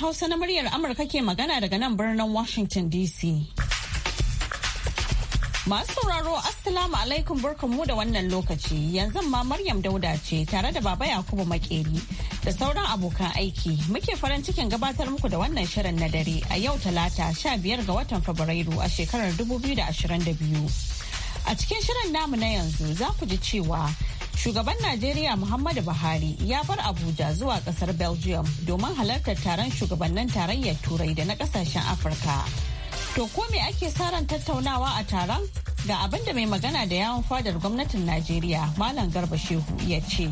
Hausa na muryar Amurka ke magana daga nan birnin Washington DC. Masu sauraro Assalamu alaikum mu da wannan lokaci yanzu ma Maryam Dauda ce tare da Baba Yakubu Makeri da sauran abokan aiki muke farin cikin gabatar muku da wannan shirin na dare a yau talata sha biyar ga watan Fabrairu a shekarar 2022. A cikin shirin namu na yanzu za ku ji cewa Shugaban Najeriya Muhammadu Buhari ya bar Abuja zuwa kasar Belgium domin halartar taron shugabannin tarayyar Turai da na kasashen Afirka. To ko me ake saran tattaunawa a taron? Ga abin da mai magana da yawon fadar gwamnatin Najeriya Malam Garba Shehu ya ce.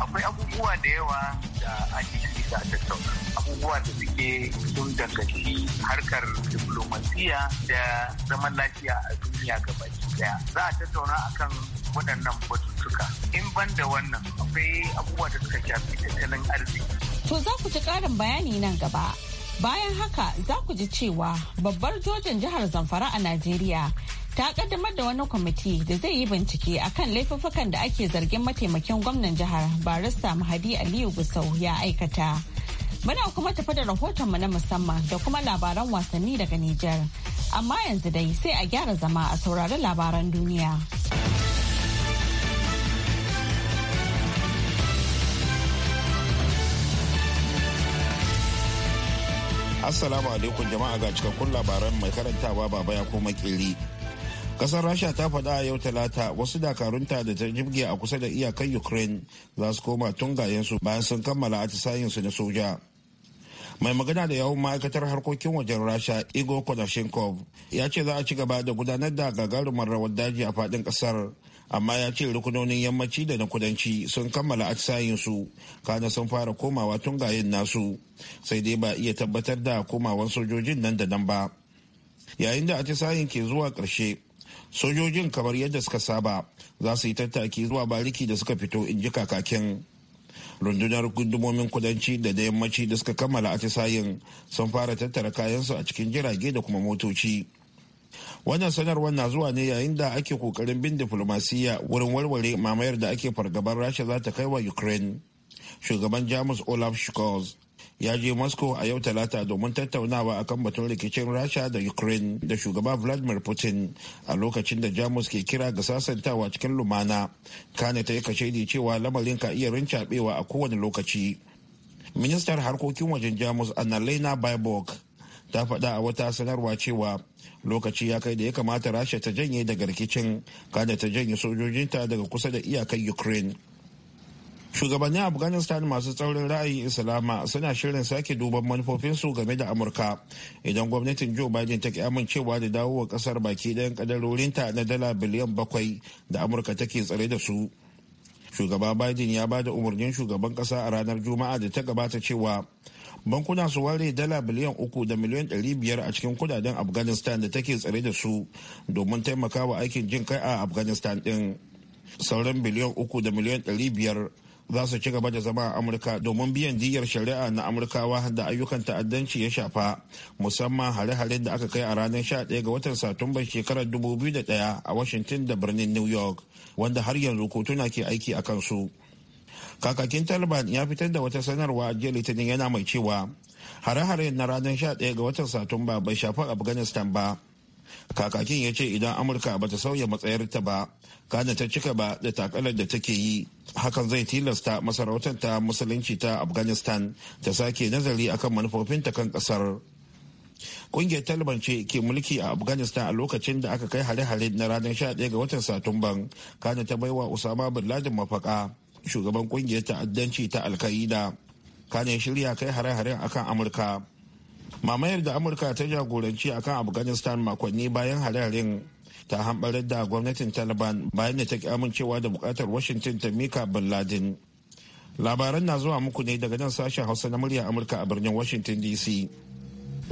Akwai abubuwa da yawa da ake da tattauna. abubuwa da suke sun danganci harkar diplomasiya da zaman lafiya a duniya gabaki daya za a tattauna akan waɗannan batutuka in ban da wannan akwai abubuwa da suka shafi tattalin arziki to za ku ji ƙarin bayani nan gaba bayan haka za ku ji cewa babbar jojin jihar zamfara a najeriya ta kaddamar da wani kwamiti da zai yi bincike akan laifuffukan da ake zargin mataimakin gwamnan jihar barista mahadi aliyu gusau ya aikata Muna kuma tafi da rahotonmu na musamman da kuma labaran wasanni daga Nijar. Amma yanzu dai sai a gyara zama a saurari labaran duniya. Assalamu alaikum jama'a ga cikakkun labaran mai karantawa baba ya koma kili. kasar rasha ta fada a yau talata wasu dakarunta da ta jibge a kusa da iyakan ukraine za su koma tungayensu bayan sun kammala atisayensu na soja mai magana da yawon ma'aikatar harkokin wajen rasha igor kodashenkov ya ce za a ci gaba da gudanar da gagarumar rawar daji a faɗin ƙasar amma ya ce rukunonin yammaci da na kudanci sun kammala atisayensu kana sun fara komawa tungayen nasu sai dai ba iya tabbatar da komawan sojojin nan da nan ba yayin da atisayen ke zuwa karshe. sojojin kamar yadda suka saba za su yi tattaki zuwa bariki da suka fito in ji kakakin rundunar gundumomin kudanci da da yammaci da suka kammala atisayin sun fara tattara kayansu a cikin jirage da kuma motoci wannan sanarwar na zuwa ne yayin da ake kokarin bin diflomasiyya wurin warware mamayar da ake fargabar rasha za ta kai wa ukraine shugaban jamus olaf scholz ya je moscow a yau talata domin tattaunawa akan batun rikicin rasha da ukraine da shugaba vladimir putin a lokacin da jamus ke kira ga sasantawa cikin lumana kane ta yi kashedi cewa lamarin ka iya rincabewa a kowane lokaci ministar harkokin wajen jamus annalena baibok ta faɗa a wata sanarwa cewa lokaci ya kai da ya kamata rasha ta janye daga rikicin kada ta janye sojojinta daga kusa da iyakar ukraine shugabannin afghanistan masu tsaurin ra'ayin islama suna shirin sake duban manufofinsu game da amurka idan gwamnatin joe biden ta ki amincewa da dawowa kasar baki ɗayan kadarorinta na dala biliyan bakwai da amurka take tsare da su shugaba biden ya ba da umarnin shugaban kasa a ranar juma'a da ta gabata cewa bankuna su ware dala biliyan uku da miliyan ɗari biyar a cikin kudaden afghanistan da take tsare da su domin taimakawa aikin jin kai a afghanistan din sauran biliyan uku da miliyan ɗari biyar za su ci gaba da zama a amurka domin biyan diyyar shari'a na amurkawa da ayyukan ta'addanci ya shafa musamman hare-haren da aka kai a ranar 11 ga watan satumbar shekarar 2001 a washington da birnin new york wanda har yanzu kotuna ke aiki a kansu kakakin taliban ya fitar da wata sanarwa jiya litinin yana mai cewa hare hare na ranar 11 ga watan satumba bai shafi afghanistan ba kakakin ya ce idan amurka bata sauya matsayarta ba kana ta cika ba da takalar da take yi hakan zai tilasta masarautar ta musulunci ta afghanistan ta sake nazari akan manufofinta kan kasar kungiyar taliban ce ke mulki a afghanistan a lokacin da aka kai hare-hare na ranar 11 ga watan satumban kana ta baiwa usama bin laden mafaka shugaban kungiyar ta'addanci ta alka'ida kana shirya kai hare-haren akan amurka mamayar da amurka ta jagoranci akan afghanistan makonni bayan hare-haren ta hambarar da gwamnatin taliban bayan da ta ki amincewa da bukatar washington ta mika bin laden labaran na zuwa muku ne daga nan sashen hausa na murya amurka a birnin washington dc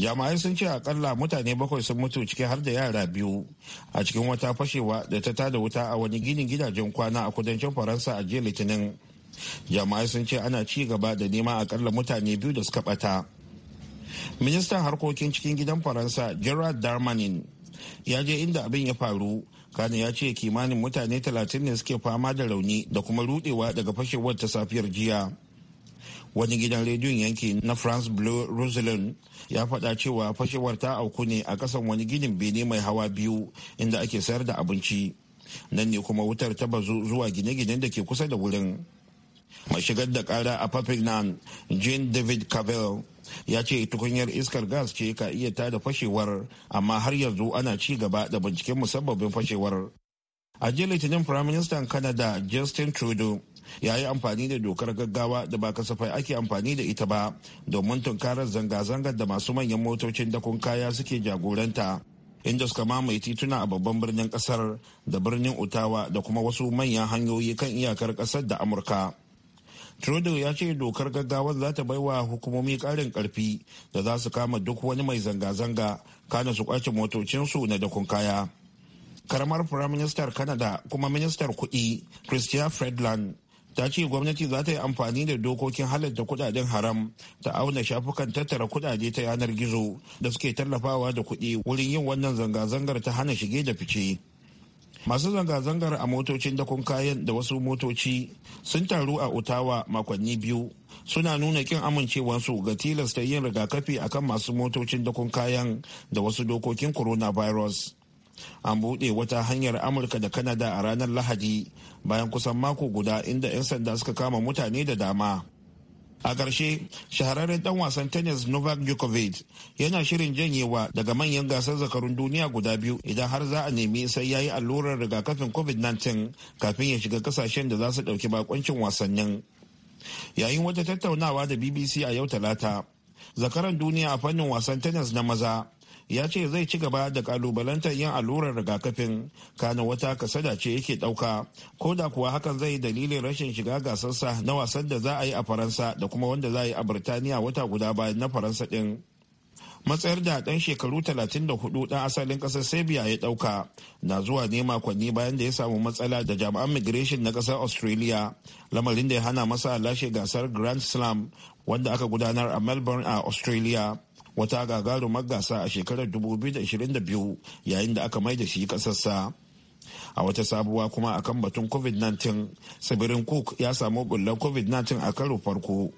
jama'ai sun ce akalla mutane bakwai sun mutu ciki har da yara biyu a cikin wata fashewa da ta tada wuta a wani ginin gidajen kwana a kudancin faransa a jiya litinin jama'ai sun ce ana ci gaba da neman akalla mutane biyu da suka bata ministan harkokin cikin gidan faransa gerard darmanin ya je inda abin ya faru kana ya ce kimanin mutane 30 ne suke fama da rauni da kuma rudewa daga fashewar ta safiyar jiya wani gidan rediyon yanki na france blue rosalyn ya faɗa cewa fashewar ta auku ne a ƙasan wani ginin bene mai hawa biyu inda ake sayar da abinci nan ne kuma wutar ta bazu zuwa gine gine da ke kusa da wurin mai shigar da kara a papillon jean david cavell ya ce tukunyar iskar gas ce ka iya ta da fashewar amma har yanzu ana ci gaba da binciken musabbabin fashewar a jiya litinin firaministan canada justin trudeau ya yi amfani da dokar gaggawa da ba kasafai ake amfani da ita ba domin tunkarar zanga-zangar da masu manyan motocin dakon kaya suke jagoranta inda suka mamaye tituna a babban birnin kasar da birnin utawa da kuma wasu manyan hanyoyi kan iyakar kasar da amurka Trudeau ya ce dokar gaggawar za ta baiwa hukumomi ƙarin ƙarfi da za su kama duk wani mai zanga-zanga kana su kwace motocinsu na dakon kaya. Karamar Firaministar Canada kuma Ministar Kuɗi Chrystia Fredland ta ce gwamnati za ta yi amfani da dokokin halatta kudaden haram ta auna shafukan tattara kudade ta yanar gizo da suke tallafawa da kuɗi wurin yin wannan zanga-zangar ta hana shige da fice. masu zanga-zangar a motocin dakon kayan da wasu motoci sun taru a otawa makonni biyu suna nuna kin amincewarsu ga tilasta yin rigakafi a kan masu motocin dakon kayan da wasu dokokin coronavirus an buɗe wata hanyar amurka da kanada a ranar lahadi bayan kusan mako guda inda 'yan sanda suka kama mutane da dama a ƙarshe shahararren dan wasan tennis novak djokovic yana shirin janyewa daga manyan gasar zakarun duniya guda biyu idan har za a nemi sai ya yi allurar rigakafin covid-19 kafin ya shiga kasashen da za su ɗauki bakoncin wasannin yayin wata tattaunawa da bbc a yau talata zakaran duniya a fannin wasan tennis na maza ya ce zai ci gaba da kalubalantar yin allurar rigakafin kana wata kasada ce yake dauka ko da kuwa hakan zai dalilin rashin shiga gasarsa na wasan da za a yi a faransa da kuma wanda za a yi a birtaniya wata guda bayan na faransa din matsayar da dan shekaru 34 dan asalin kasar serbia ya dauka na zuwa ne makonni bayan da ya samu matsala da jami'an migration na kasar australia lamarin da ya hana masa lashe gasar grand slam wanda aka gudanar a melbourne a australia wata gagarumar gasa a shekarar 2022 yayin da aka maida shi kasarsa a wata sabuwa kuma a kan batun covid-19 tsibirin cook ya samu bullar covid-19 a karo farko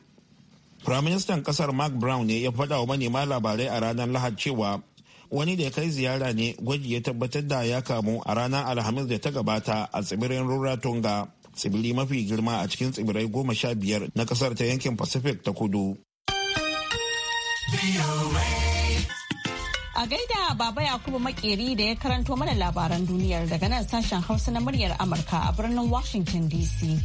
firaministan kasar mark brown ne ya faɗa wa manema labarai a ranar lahad cewa wani da ya kai ziyara ne gwaji ya tabbatar da ya kamu a ranar alhamis da ta gabata a tsibirin rarotonga tsibiri mafi girma a cikin tsibirai goma sha biyar na kasar ta yankin pacific ta kudu A gaida Baba Yakubu Makeri da ya karanto mana labaran duniyar daga nan sashen Hausa na muryar Amurka a birnin Washington DC.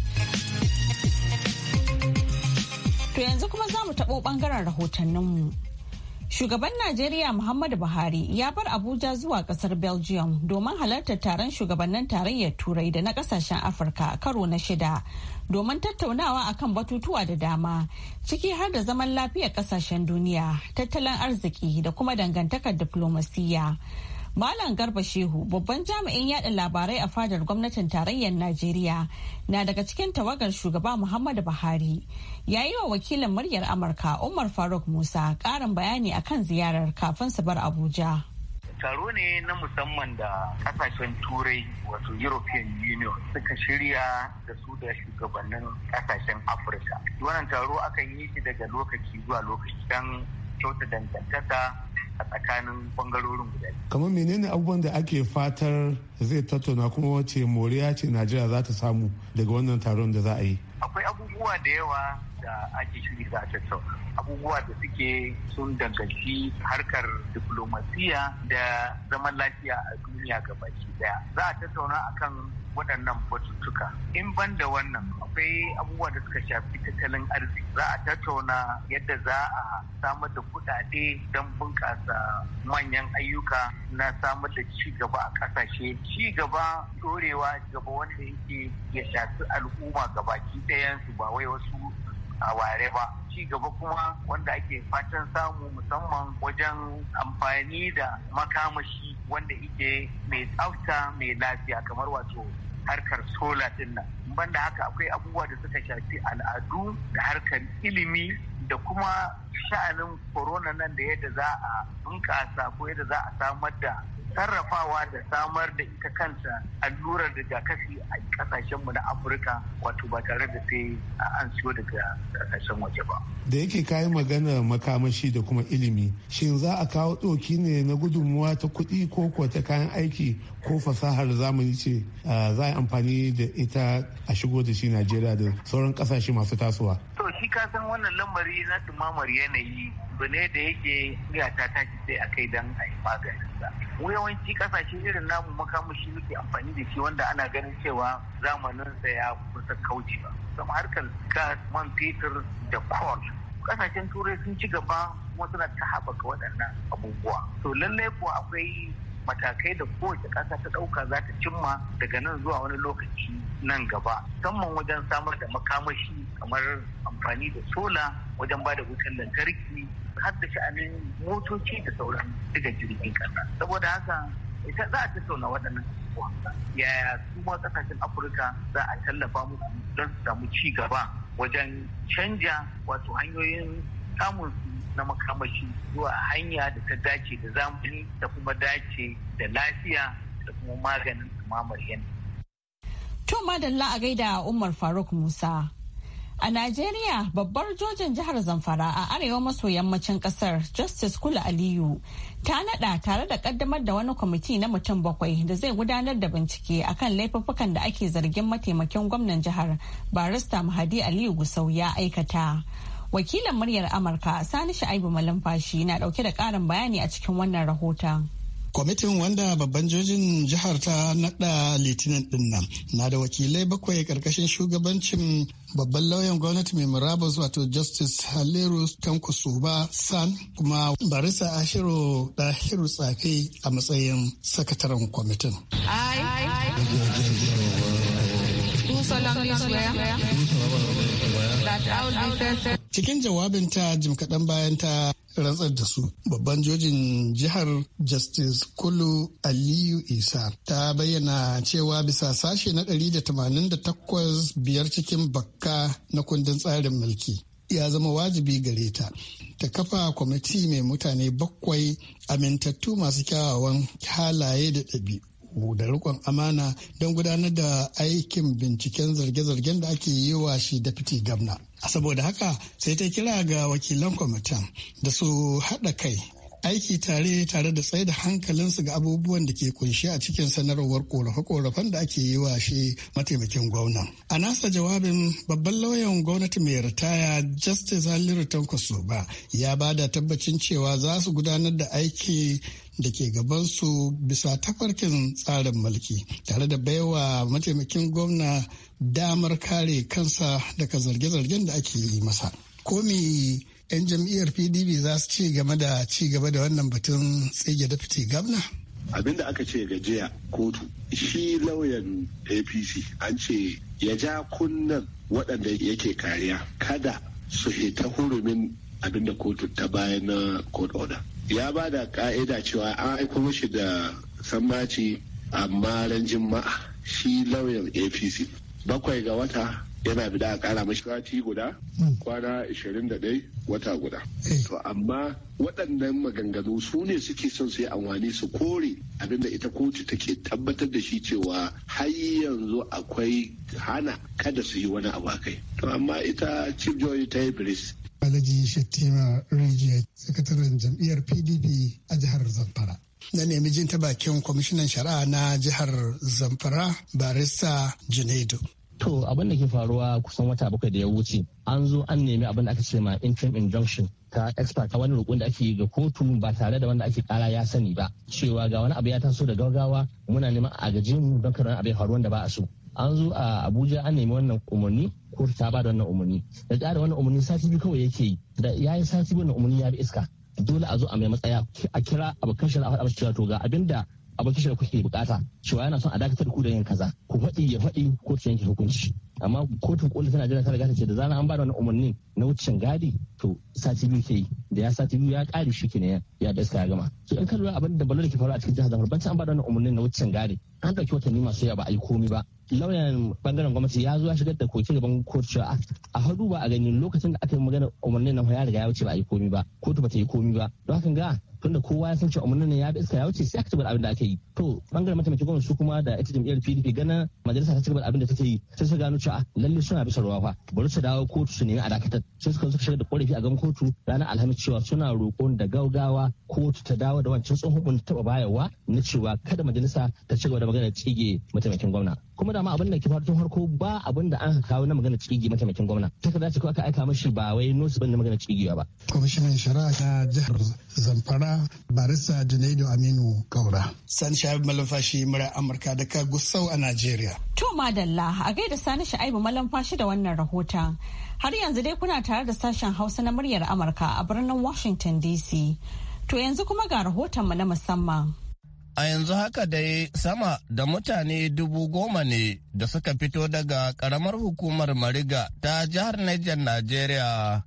To yanzu kuma za mu taɓo ɓangaren rahotanninmu. Shugaban Najeriya Muhammadu Buhari ya bar Abuja zuwa kasar Belgium domin halartar taron shugabannin tarayyar Turai da na kasashen Afirka karo na shida domin tattaunawa akan batutuwa da dama ciki har da zaman lafiyar kasashen duniya, tattalin arziki da kuma dangantakar diflomasiyya. Malam Garba Shehu babban jami'in yada labarai a fadar gwamnatin tarayyar Najeriya na daga cikin tawagar shugaba Muhammadu Buhari ya yi wa wakilin muryar Amurka Umar Faruk Musa karin bayani akan ziyarar kafin su bar Abuja. Taro ne na musamman da kasashen turai wato European Union suka shirya da su da shugabannin kasashen Afirka. Wannan taro akan yi shi daga lokaci zuwa lokaci don kyauta dangantaka a tsakanin bangarorin guda kamar menene abubuwan da ake fatar zai tattauna kuma wace moriya ce najeriya za ta samu daga wannan taron da za a yi akwai abubuwa da yawa da ake shiri za a tattauna abubuwa da suke sun danganci harkar diplomasiya da zaman lafiya a duniya gabaki daya za a tattauna akan waɗannan batutuka. in ban da wannan akwai abubuwa da suka shafi tattalin arziki za a tattauna yadda za a samar da kuɗaɗe don bunƙasa manyan ayyuka na samar da ci gaba a ƙasashe ci gaba dorewa gaba wanda yake ya shafi al'umma gabaki su ba wai wasu a ware ba ci gaba kuma wanda ake fatan samu musamman wajen amfani da makamashi wanda ike mai tsafta mai lafiya kamar wato harkar sola din nan banda haka akwai abubuwa da suka shafi al'adu da harkar ilimi da kuma sha'anin corona nan da yadda za a bunƙasa ko yadda za a samar da sarrafawa da samar da ita kanta allurar rigakafi a kasashenmu na afirka wato ba tare da sai an siyo daga kasashen waje ba da yake kayi magana makamashi da kuma ilimi shin za a kawo ɗoki ne na gudunmuwa ta kuɗi ko kuwa ta kayan aiki ko fasahar zamani ce ah, za a amfani da ita a shigo da shi najeriya da sauran kasashe masu tasowa shi ka san wannan lamari na tumamar yanayi ba ne da yake ta tashi sai a kai don a yi maganinsa. Mu yawanci kasashe irin namu makamashi muke amfani da shi wanda ana ganin cewa zamaninsa ya kusa ba. Sama harkar gas, man fetur da coal. Kasashen turai sun ci gaba kuma suna ta haɓaka waɗannan abubuwa. To lallai kuwa akwai matakai da kowace ƙasa ta ɗauka za ta cimma daga nan zuwa wani lokaci nan gaba musamman wajen samar da makamashi kamar amfani da sola wajen ba da wutar lantarki har da sha'anin motoci da sauran daga jirgin ƙasa saboda haka ita za a tattauna waɗannan abubuwa yaya su ma ƙasashen afirka za a tallafa musu don su samu ci gaba wajen canja wato hanyoyin samun su na makamashi zuwa hanya da ta dace da zamani da kuma dace da lafiya da kuma maganin tumamar yanayi. To madalla a gaida Umar Faruk Musa. A Najeriya babbar jojin jihar Zamfara a arewa maso yammacin kasar Justice Kula Aliyu ta nada tare da kaddamar da wani kwamiti na mutum bakwai da zai gudanar da bincike akan laifuffukan da ake zargin mataimakin gwamnan jihar barista Mahadi Aliyu Gusau ya aikata. wakilin muryar amurka sani sha'ibu malumfashi na dauke da karin bayani a cikin wannan rahoton kwamitin wanda babban jojin jihar ta nada litinin din nan na da wakilai bakwai karkashin shugabancin babban lauyan gwamnati mai murabus wato justice haleru ba san kuma barisa ashiru dahiru tsafe a matsayin sakataren kwamitin Cikin jawabinta jim kaɗan bayan ta rantsar da su. Babban jojin jihar Justice Kulu Aliyu Isa ta bayyana cewa bisa sashe na 188 biyar cikin bakka na kundin tsarin mulki. ya zama wajibi gare ta ta kafa kwamiti mai mutane bakwai amintattu masu kyawawan halaye da ɗabi, da rikon amana don gudanar da aikin binciken zarge-zargen da ake yi wa shi da fiti gabna. saboda haka sai ta kira ga wakilan kwamitin da su haɗa kai aiki tare tare da tsaye da hankalinsu ga abubuwan da ke kunshi a cikin sanarwar korafe-korafen da ake yi wa shi mataimakin gwamnan. A nasa jawabin babban lauyan gwamnati mai ritaya Justice Haliru Tanko ba, ya ba da tabbacin cewa za su gudanar da aiki da ke gabansu bisa tafarkin tsarin mulki tare da baiwa mataimakin gwamna damar kare kansa daga zarge-zargen da ake yi masa. Komi 'yan jam'iyyar PDP za su ci game da ci gaba da wannan batun tsige da fiti gwamna? Abin da aka ce ga kotu shi lauyan APC an ce ya ja kunnan waɗanda yake kariya kada su hita hurumin abin da kotu ta bayan na court order ya ba da ka'ida cewa an aiko mashi da sammaci amma ran jima'a shi lauyan apc bakwai ga wata yana bida a kara mashi sati guda hmm. kwana 21 wata guda eh. to amma waɗannan maganganu su ne suke son sai amfani su kore abinda ita kotu take tabbatar da shi cewa har yanzu akwai hana kada su yi wani abu kai to amma ita chief joy ta yi Alhaji Shettima Rijiya, sakataren jam'iyyar PDP a jihar Zamfara. Na nemi jin ta bakin kwamishinan shari'a na jihar Zamfara, Barista Junaidu. To abin da ke faruwa kusan wata bakwai da ya wuce an zo an nemi abin da aka ce ma interim injunction ta expert ta wani rukun da ake ga kotu ba tare da wanda ake kara ya sani ba cewa ga wani abu ya taso da gaggawa muna neman a gaji mu don karan abin faruwan da ba a so an zo a abuja an nemi wannan umarni ko ta ba da wannan umarni da ƙara wannan umarni sati biyu kawai yake yi da ya yi sati biyu wannan umarni ya bi iska dole a zo a mai matsaya a kira abokan shari'a a faɗa cewa to ga abin da abokan shari'a kuke bukata cewa yana son a dakatar ku da yin kaza ku faɗi ya faɗi ko ta yanke hukunci amma kotun koli tana jira ta riga ta ce da zana an ba da wannan umarnin na wucin gadi to sati biyu ke yi da ya sati biyu ya ƙare shi kenan ya da iska ya gama to in ka lura abin da balo da ke faru a cikin jihar zamfara bancin an ba da wannan umarni na wucin gadi an ɗauki watanni masu yawa ba a yi komi ba lauyan bangaren gwamnati ya zo ya shigar da kokin gaban kotu a hadu ba a ganin lokacin da aka yi magana umarnin nan ya riga ya wuce ba a yi komi ba kotu ba ta yi komi ba don haka ga tunda kowa ya san cewa umarnin nan ya bi iska ya wuce sai aka ci abin da aka yi to bangaren mataimakin gwamnati su kuma da ita jam'iyyar PDP gana majalisa ta ci abin da take yi sai su gano cewa lalle suna bisa ruwa fa bari su dawo kotu su nemi a dakatar sai suka suka shigar da korafi a gaban kotu ranar alhamis cewa suna roƙon da gaugawa kotu ta dawo da wancan tsohon taɓa bayarwa na cewa kada majalisa ta ci gaba da magana tsige mataimakin gwamna kuma dama abin da ke faru tun harko ba abin da an kawo na magana ciki mataimakin gwamna Ta ka dace ko aka aika mashi ba wai nosu bane na magana ciki ba kwamishinan shari'a ta jihar zamfara barista junaidu aminu kaura sani shaibu malamfashi mura amurka da ka gusau a najeriya to madalla a gaida sani shaibu malamfashi da wannan rahoton har yanzu dai kuna tare da sashen hausa na muryar amurka a birnin washington dc to yanzu kuma ga rahoton rahotonmu na musamman A yanzu haka dai sama da mutane dubu goma ne da suka fito daga ƙaramar hukumar Mariga ta jihar Niger Najeriya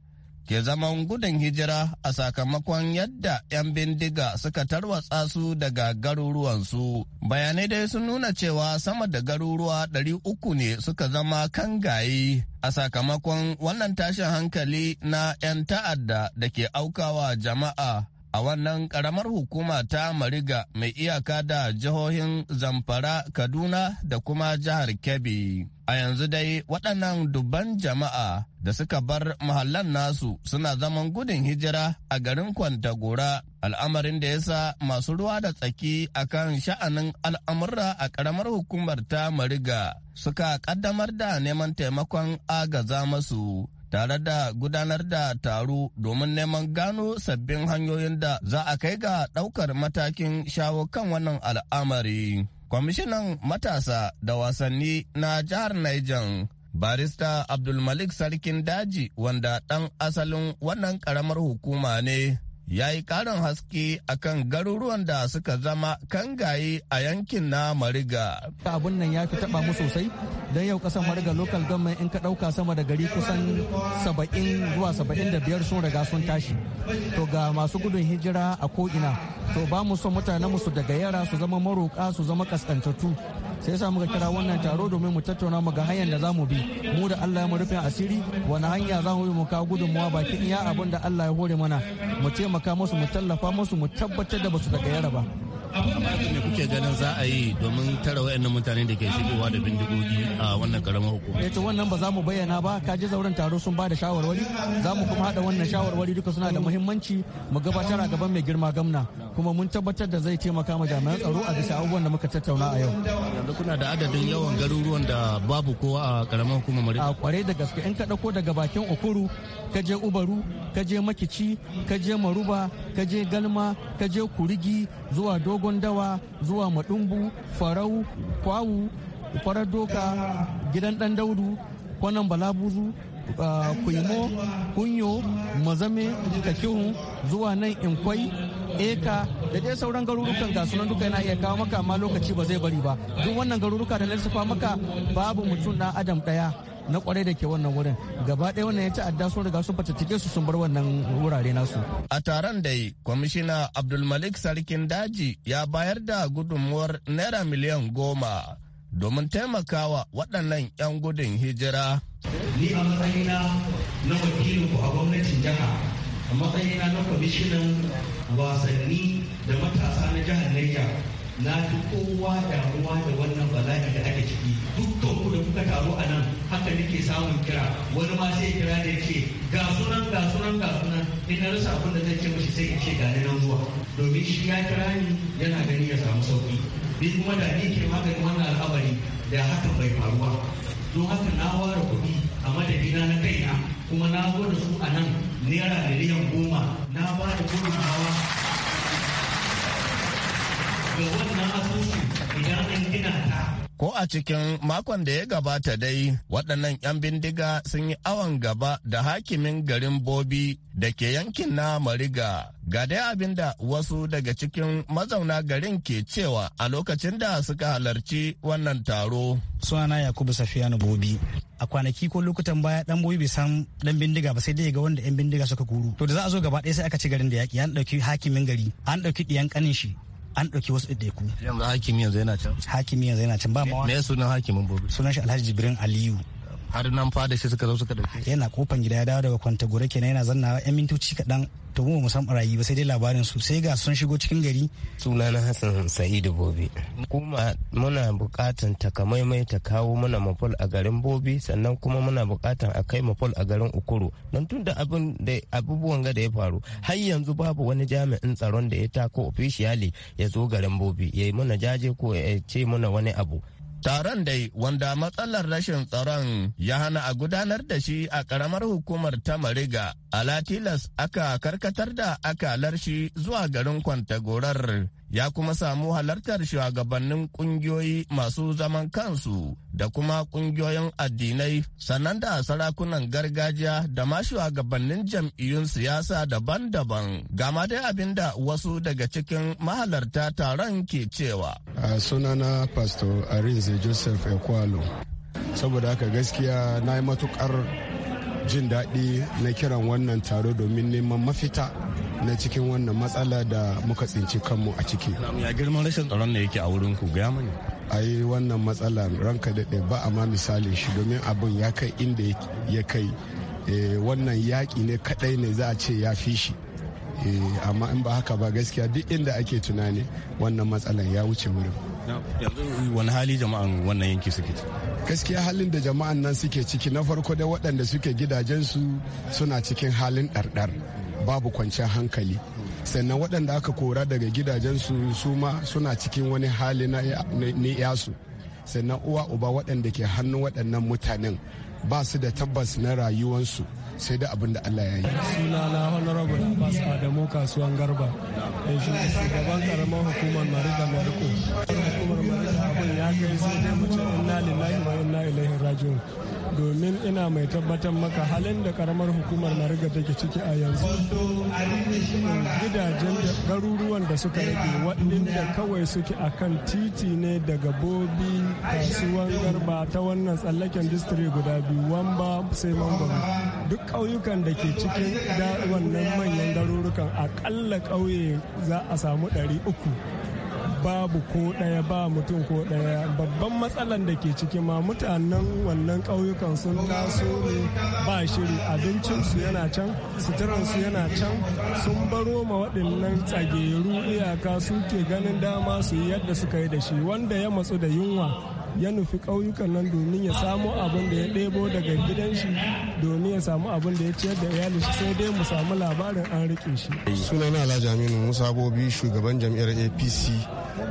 ke zaman gudun hijira a sakamakon yadda 'yan bindiga suka tarwatsa su daga garuruwansu. Bayanai dai sun nuna cewa sama da garuruwa 300 ne suka zama kangayi a sakamakon wannan tashin hankali na 'yan ta'adda da ke aukawa jama'a. a wannan karamar hukuma ta Mariga mai iyaka da jihohin Zamfara, Kaduna da kuma jihar Kebbi. A yanzu dai waɗannan dubban jama'a da suka bar mahallan nasu suna zaman gudun hijira a garin Kwantagora, al'amarin da ya sa masu ruwa da tsaki akan sha'anin al'amurra a ƙaramar hukumar ta Mariga suka ƙaddamar da neman taimakon agaza masu. tare da gudanar da taro domin neman gano sabbin hanyoyin da za a kai ga ɗaukar matakin shawo kan wannan al'amari. Kwamishinan matasa da wasanni na jihar Niger barista Abdulmalik Sarkin Daji wanda ɗan asalin wannan ƙaramar hukuma ne ya yi ƙarin haske kan garuruwan da suka zama kangaye a yankin na Mariga. Abun nan ya fi taba mu sosai don yau kasan Mariga local government in ka ɗauka sama da gari kusan 70 zuwa saba'in da biyar sun riga sun tashi. To ga masu gudun hijira a ko'ina to ba mu son mutanen su daga yara su zama maroka su zama kaskantattu sai samu muka kira wannan taro domin mu tattauna mu ga hanyar da za mu bi mu da Allah ya mu rufe asiri wani hanya za mu bi mu kawo gudunmuwa bakin iya abin da Allah ya hore mana mu ce taimaka musu mu tallafa musu mu tabbatar da basu daga yara ba me kuke ganin za a yi domin tara wayannan mutane da ke shigowa da bindigogi a wannan karamar hukuma eh wannan ba za mu bayyana ba ka ji zauren taro sun ba da shawarwari za mu kuma hada wannan shawarwari duka suna da muhimmanci mu gabatar a gaban mai girma gamna kuma mun tabbatar da zai taimaka ma jami'an tsaro a bisa abubuwan da muka tattauna a yau yanzu kuna da adadin yawan garuruwan da babu kowa a karamar hukuma mare a kware da gaske in ka dauko daga bakin okuru ka je ubaru ka je makici ka je maruba ka je galma ka je kurigi zuwa dogon dawa zuwa madumbu farau kwawu farar doka gidan dan daudu kwanan balabuzu kuimo kunyo mazame kakihu zuwa nan inkwai eka da dai sauran garurukan ga sunan duka yana iya kawo maka amma lokaci ba zai bari ba duk wannan garuruka da lissafa maka babu mutum na adam daya na kwarai da ke wannan wurin gaba ɗaya wannan ya adda sun riga sun fatattake su sun bar wannan wurare nasu. A taron dai kwamishina Abdulmalik Sarkin Daji ya bayar da gudunmuwar naira miliyan goma domin taimakawa waɗannan 'yan gudun hijira. Ni a matsayina na wakilin ku a gwamnatin jiha, a matsayina na kwamishinan wasanni da matasa na jihar Niger. na fi kowa damuwa da wannan bala'i da ake ciki dukkan ku da kuka taru a nan haka nake samun kira wani ma sai kira da ce ga sunan ga sunan ga sunan in na rasa abin da zai ce mashi sai in ce ga nan zuwa domin shi ya kira ni yana gani ya samu sauki ni kuma da ni ke maganin wannan al'amari da haka bai faruwa don haka na ware kuɗi a madadina na kaina kuma na zo da su a nan naira miliyan goma na ba da gudunmawa Ko a cikin makon da ya gabata dai, waɗannan 'yan bindiga sun yi awon gaba da hakimin garin Bobi da ke yankin na Mariga. Ga dai abin da wasu daga cikin mazauna garin ke cewa a lokacin da suka halarci wannan taro. Sunana Yakubu Safiyanu Bobi. A kwanaki ko lokutan baya dan Bobi bai san dan bindiga ba sai dai ga wanda 'yan bindiga suka kuru. To da za a zo gaba ɗaya sai aka ci garin da yaƙi an ɗauki hakimin gari, an ɗauki ɗiyan ƙanin shi, an ɗauki wasu ɗaiɗaiku. Yanzu hakimi yanzu yana can. Hakimi yanzu yana can ba ma. Me sunan hakimin Bobi? Sunan shi Alhaji Jibrin Aliyu. har nan fada shi suka zo suka dauke yana kofan gida ya dawo daga kwanta gore kenan yana zanna yan mintoci kaɗan to mu mu san barayi ba sai dai labarin su sai ga sun shigo cikin gari sunana hassan sa'idu bobi. kuma muna bukatan takamaimai ta kawo muna mafol a garin bobi sannan kuma muna bukatan a kai mafol a garin ukuru don tun abin da abubuwan ga da ya faru har yanzu babu wani jami'in tsaron da ya tako ofisiyali ya zo garin bobi yayi muna mana jaje ko ya ce mana wani abu Taron dai wanda matsalar rashin tsaron ya hana a gudanar da shi a ƙaramar hukumar ta Mariga, a Latilas aka karkatar da akalar shi zuwa garin Kwantagorar ya kuma samu halartar shugabannin kungiyoyi masu zaman kansu da kuma kungiyoyin addinai sannan da sarakunan gargajiya da ma shugabannin jam'iyyun siyasa daban-daban gama dai abin da wasu daga cikin mahalarta taron ke cewa a sunana pastor arinze joseph ekwalo saboda haka gaskiya na yi matukar jin daɗi na kiran wannan taro domin neman mafita na cikin wannan matsala da muka tsinci kanmu a ciki. Ya girman rashin tsaron da yake a wurin ku gaya mani. yi wannan matsala ranka daɗe ba a ma misalin shi domin abin ya kai inda ya kai eh, wannan yaƙi ne kaɗai ne za a ce ya fi shi. Eh, amma in ba haka ba gaskiya duk inda ake tunani wannan matsalan ya wuce wurin. yanzu wani hali jama'an wannan yanki suke ciki gaskiya halin da jama'an nan suke ciki na farko da waɗanda suke gidajensu suna cikin halin ɗarɗar babu kwanciyar hankali sannan waɗanda aka kora daga gidajensu su ma suna cikin wani hali na yasu sannan uwa uba waɗanda ke hannun waɗannan mutanen ba su da tabbas na rayuwansu sai da abin da Allah ya yi. na Honorable Abbas Adamu kasuwan Garba, eh, shugaban karamar hukumar Marida Merko. Hukumar Marida abin ya kai sai dai mace inna lillahi wa inna ilaihi raji'un. domin ina mai tabbatar maka halin da karamar hukumar mariga take ciki a yanzu gidajen da garuruwan da suka rage da kawai suke a kan titi ne daga bobi kasuwan garba ta wannan tsallaken distri guda biyu wamba sai mambaro duk ƙauyukan da ke cikin wannan manyan garurukan akalla ƙauye za a samu ɗari uku babu ko ɗaya ba mutum ko ɗaya babban matsalan da ke ciki ma mutanen wannan ƙauyukan sun taso ne ba shiri abincinsu yana can suturansu yana can sun baro ma waɗannan tsageru iyaka suke ganin dama su yi yadda suka yi da shi wanda ya matsu da yunwa ya nufi ƙauyukan nan domin ya samu abin da ya ɗebo daga gidan shi domin ya samu abin da ya ciyar da iyali shi sai dai mu samu labarin an rike shi. sunana alhaji aminu musa gobi shugaban jam'iyyar apc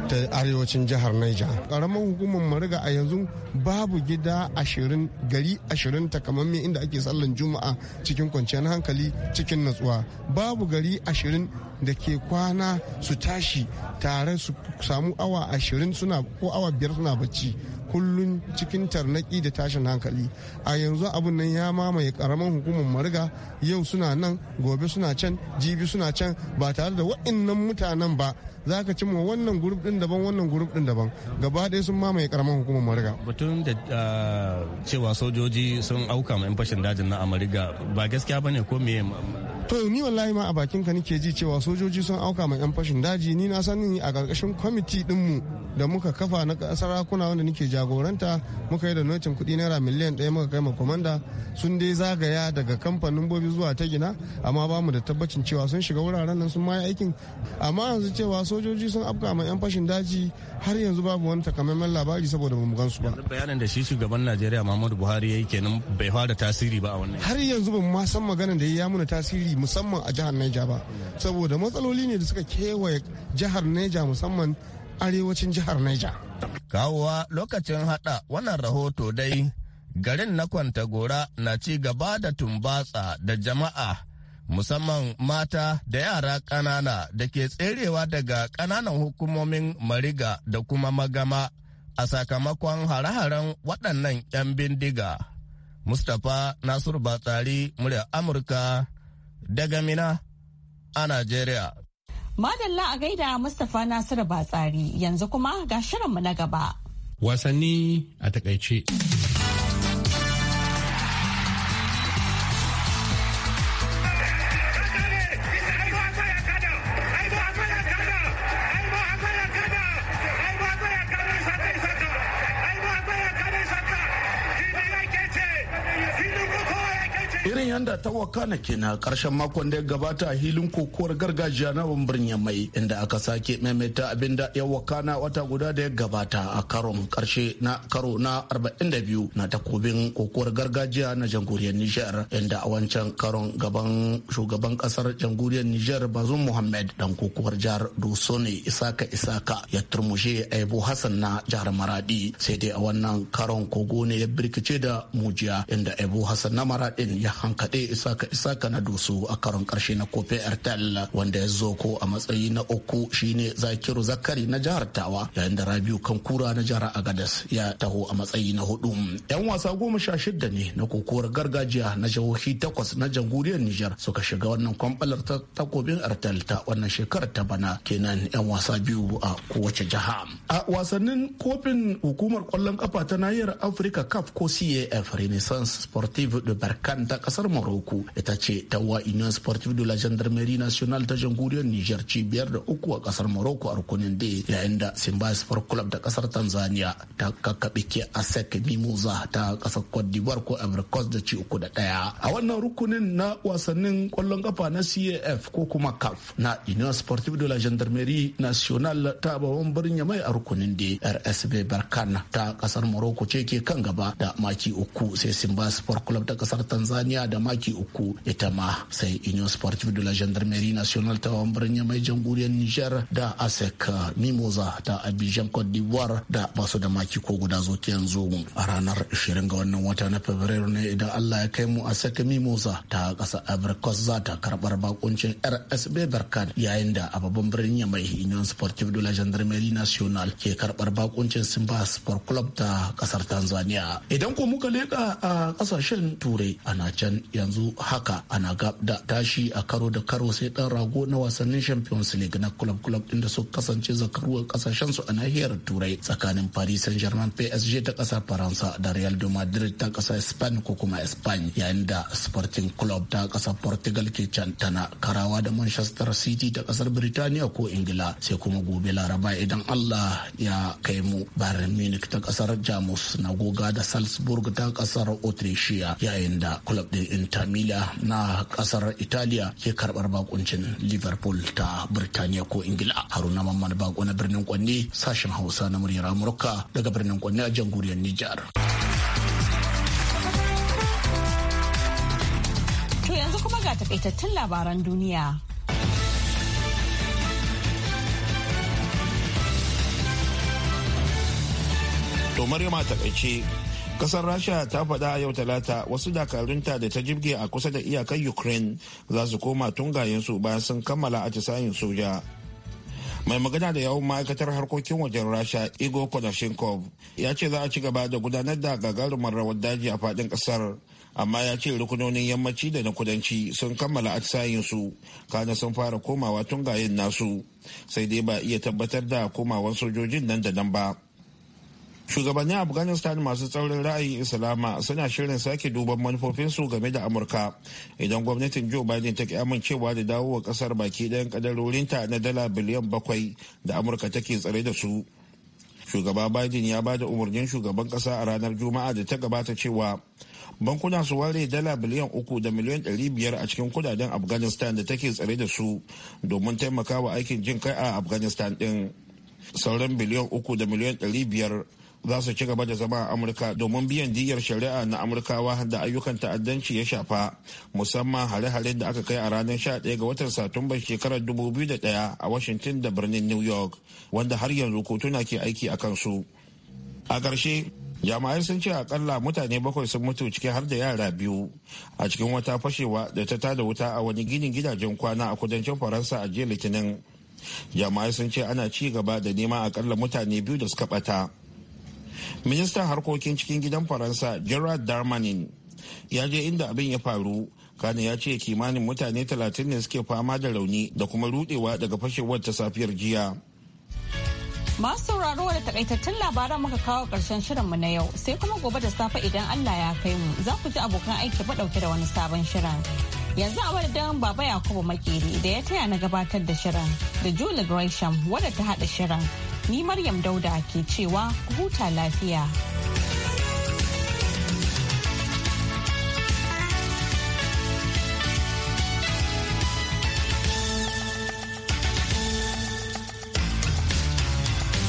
ta arewacin jihar Niger. Karamar hukumar Mariga a yanzu babu gida ashirin gari ashirin takamamme inda ake sallan juma'a cikin kwanciyar hankali cikin natsuwa. Babu gari ashirin da ke kwana su tashi tare su samu awa ashirin suna ko awa biyar suna bacci kullum cikin tarnaki da tashin hankali a yanzu abun nan ya mamaye karaman hukumar mariga yau suna nan gobe suna can jibi suna can ba tare da waɗannan mutanen ba za ka cimma wannan grup din daban wannan grup din daban gaba ɗaya sun mamaye karamar hukumar mariga batun da ah, cewa sojoji sun auka ma yan fashin dajin na amariga ba gaskiya bane ko me to ni wallahi ma a bakin ka nake ji cewa sojoji sun auka ma yan fashin daji ni na sani a ƙarƙashin kwamiti din mu da muka kafa na sarakuna wanda nake jagoranta muka yi da nocin kuɗi naira miliyan ɗaya muka kai ma komanda sun dai zagaya daga kamfanin bobi zuwa ta gina amma ba mu da tabbacin cewa sun shiga wuraren nan sun ma aikin amma yanzu cewa sojoji sun afka ma 'yan fashin daji har yanzu babu wani takamaiman labari saboda mu su ba bayanin da shi shugaban najeriya muhammadu buhari ya yi kenan bai fara tasiri ba a wannan har yanzu ba mu ma san maganar da ya muna tasiri musamman a jihar naija ba saboda matsaloli ne da suka kewaye jihar naija musamman arewacin jihar naija kawowa lokacin hada wannan rahoto dai garin na kwantagora na ci gaba da tumbatsa da jama'a musamman mata da yara ƙanana da ke tserewa daga ƙananan hukumomin mariga da kuma magama a sakamakon hare-haren waɗannan 'yan bindiga. Mustapha Nasiru Batsari murya Amurka daga Mina a Najeriya. Madalla a gaida Mustapha Nasiru Batsari yanzu kuma ga shirinmu na gaba. Wasanni a takaice. ta wakana kenan karshen makon da ya gabata a hilin kokowar gargajiya na birnin yamai inda aka sake maimaita abin da ya wakana wata guda da ya gabata a karon karshe na karo na 42 na takobin kokowar gargajiya na jamhuriyar Nijar inda a wancan karon gaban shugaban kasar jamhuriyar Nijar Bazum Muhammad dan kokowar jihar Dusone Isaka Isaka ya turmushe Aibu Hassan na jihar Maradi sai dai a wannan karon kogo ne ya birkice da mujiya inda Aibu Hassan na Maradin ya hankaɗe isaka isaka na dusu a karon karshe na kofin artel wanda ya zo ko a matsayi na uku shine zakiru zakari na jihar tawa yayin da rabiu kan kura na jihar agadas ya taho a matsayi na hudu yan wasa goma sha shida ne na kokowar gargajiya na jihohi takwas na jamhuriyar nijar suka shiga wannan kwamfalar takobin artel ta wannan shekarar ta bana kenan yan wasa biyu a kowace jiha a wasannin kofin hukumar kwallon kafa ta nahiyar afirka cup ko caf renaissance sportive de barkan ta kasar moro uku ita ce tawa union sportive de la gendarmerie nationale ta jamhuriyar niger ci biyar da uku a kasar morocco a rukunin d yayin da simba sport club da kasar tanzania ta kakkaɓe ke asek mimosa ta kasar cote d'ivoire ko abricos da ci uku da ɗaya a wannan rukunin na wasannin kwallon kafa na caf ko kuma caf na union sportive de la gendarmerie nationale ta babban birnin yamai a rukunin d rsb barkan ta kasar morocco ce ke kan gaba da maki uku sai simba sport club ta kasar tanzania da maki doki uku ita e ma sai union sportive de la gendarmerie nationale ta birnin mai jamhuriyar niger da asec mimosa ta abidjan cote d'ivoire da basu da maki ko guda zuke yanzu a ranar 20 ga wannan wata na fabrairu ne idan allah ya kai mu asec mimosa ta kasa abrikos za ta karbar bakuncin rsb berkan yayin da a babban birnin mai union sportive de la gendarmerie nationale ke karbar bakuncin simba sport club ta kasar tanzania idan ko muka leka a kasashen turai ana can yanzu yanzu haka ana gab da tashi a karo da karo sai dan rago na wasannin champions league na club club din da suka kasance zakaruwar kasashen su a nahiyar turai tsakanin paris saint germain psg ta kasar faransa da real de madrid ta kasar spain ko kuma spain yayin da sporting club ta kasar portugal ke can tana karawa da manchester city ta kasar birtaniya ko ingila sai kuma gobe laraba idan allah ya kai mu bayern munich ta kasar jamus na goga da salzburg ta kasar otrishiya yayin da club din inter inda na kasar italiya ke karbar bakuncin liverpool ta birtaniya ko ingila haruna mamman bako na birnin kwanne sashen hausa na muryar amurka daga birnin kwanne a jamhuriyar nijar to yanzu kuma ga takaitattun labaran duniya to maryama takaice kasar rasha ta faɗa yau talata wasu dakarunta da ta jibge a kusa da iyakar ukraine za su koma tungayensu bayan sun kammala atisayin soja mai magana da yawon ma'aikatar harkokin wajen rasha igor konashenkov ya ce za a ci gaba da gudanar da gagarumar rawar daji a faɗin ƙasar amma ya ce rukunonin yammaci da na kudanci sun kammala su kana sun fara komawa tungayen nasu sai dai ba iya tabbatar da komawan sojojin nan da nan ba shugabannin afghanistan masu tsaurin ra'ayin islama suna shirin sake duban manufofinsu game da amurka idan gwamnatin joe biden ta ki amincewa da dawowa kasar baki ɗayan kadarorinta na dala biliyan bakwai da amurka take tsare da su shugaba biden ya bada umarnin shugaban kasa a ranar juma'a da ta gabata cewa bankuna su ware dala biliyan uku da miliyan ɗari biyar a cikin kudaden afghanistan da take tsare da su domin taimakawa aikin jin kai a afghanistan ɗin sauran biliyan uku da miliyan ɗari biyar za su ci gaba da zama a amurka domin biyan diyyar shari'a na amurkawa da ayyukan ta'addanci ya shafa musamman hare-hare da aka kai a ranar 11 ga watan satumbar shekarar 2001 a washington da birnin new york wanda har yanzu kotuna ke aiki a kansu a ƙarshe jama'ai sun ce akalla mutane bakwai sun mutu ciki har da yara biyu a cikin wata fashewa da ta tada wuta a wani ginin gidajen kwana a kudancin faransa a jiya litinin jama'ai sun ce ana ci gaba da neman akalla mutane biyu da suka bata ministan harkokin cikin gidan faransa gerard darmanin ya je inda abin ya faru kane ya ce kimanin mutane 30 ne suke fama da rauni da kuma rudewa daga fashewar ta safiyar jiya masu sauraro da takaitattun labaran muka kawo karshen mu na yau sai kuma gobe da safe idan allah ya kai mu za ku ji abokan aiki ba dauke da wani sabon shirin yanzu a madadin baba yakubu makeri da ya taya na gabatar da shirin da julie gresham wadda ta haɗa shirin Ni Maryam Dauda ke cewa huta lafiya.